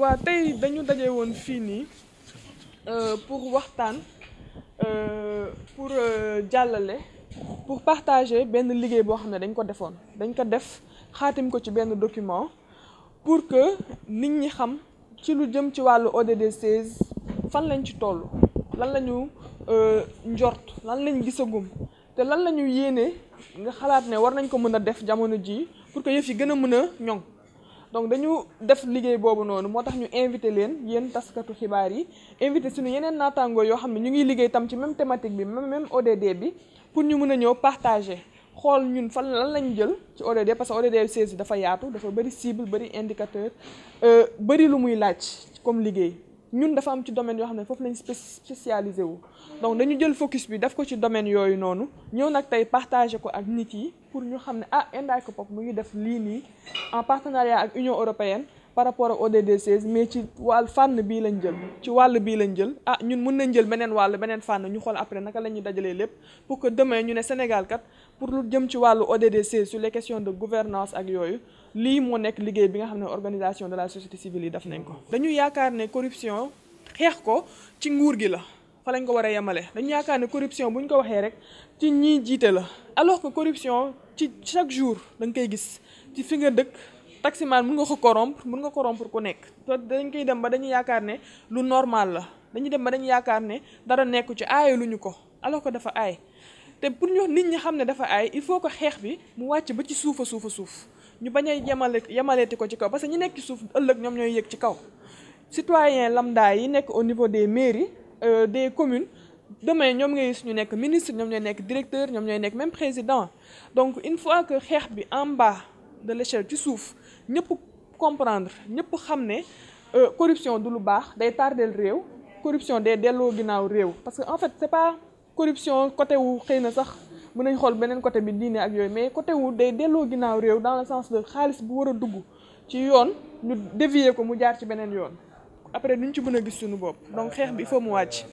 waa tey dañu daje woon fii nii euh, pour waxtaan euh, pour euh, jàllale pour partager benn liggéey boo xam ne dañ ko defoon dañ ko def xaatim ko ci benn document pour que nit ñi xam ci lu jëm ci wàllu ODD 16 fan lañ ci toll lan la ñu njort lan lañ gisagum te lan la ñu yéene nga xalaat ne war nañ ko mën a def jamono jii pour que yëf yi gën a mën a ñoŋ. donc dañu def liggéey boobu noonu moo tax ñu invité leen yéen taskatu xibaar yi invité suñu yeneen naataangoo yoo xam ne ñu ngi liggéey tam ci même thématique bi même même ODD bi pour ñu mën a ñëw partager xool ñun fan lan lañ jël ci ODD parce que ODD 16 dafa yaatu dafa bëri cible bari indicateur euh, bëri lu muy laaj comme liggéey. ñun dafa am ci domaine yoo xam ne foofu lañ spécialisé wu donc dañu jël focus bi daf ko ci domaine yooyu noonu ñëw nag tey partagé ko ak nit yi pour ñu xam ne ah Indaay K-pop mu ngi def lii nii en partenariat ak Union européenne par rapport ak ODD 16 mais ci wàll fànn bii lañ jël ci wàll bii lañ jël ah ñun mun nañ jël beneen wàll beneen fànn ñu xool après naka lañuy dajalee lépp pour que demain ñu ne Sénégal kat pour lu jëm ci wàllu ODD 16 su les questions de gouvernance ak yooyu lii moo nekk liggéey bi nga xam ne organisation de la société civile yi def nañ ko. dañu yaakaar ne corruption xeex ko ci nguur gi la. fa lañ ko war a yemale dañu yaakaar ne corruption bu ñu ko waxee rek ci ñiy jiite la alors que corruption ci chaque jour da koy gis ci fi nga dëkk. taximaan mën nga ko corrompre mën nga corrompre ku nekk te dañ koy dem ba dañu yaakaar ne lu normal la dañuy dem ba dañu yaakaar ne dara nekku ci aaye luñu ko alors que dafa aay te pour ñu nit ñi xam ne dafa aay il faut que xeex bi mu wàcc ba ci suufa suufa suuf ñu bañ a yemale yemaleeti ko ci kaw parce que ñi nekk ci suuf ëllëg ñoom ñooy yëg ci kaw citoyen lambda yi nekk au niveau des mairies euh, des communes demain ñoom ngay suñu ñu nekk ministre ñoom ñooy nekk directeur ñoom ñooy nekk même président donc une fois que xeex bi en bas de l'échelle ci suuf ñëpp comprendre ñëpp xam ne euh, corruption du lu baax day tardel réew corruption day delloo ginnaaw réew parce que en fait c'est pas corruption côté wu xëy na sax mën nañ xool beneen côté bi diine ak yooyu mais côté wu day delloo ginnaaw réew dans le sens de xaalis bu war a dugg ci yoon ñu dévier ko mu jaar ci beneen yoon après duñ ci mën a gis suñu bopp donc xeex bi il faut mu wàcc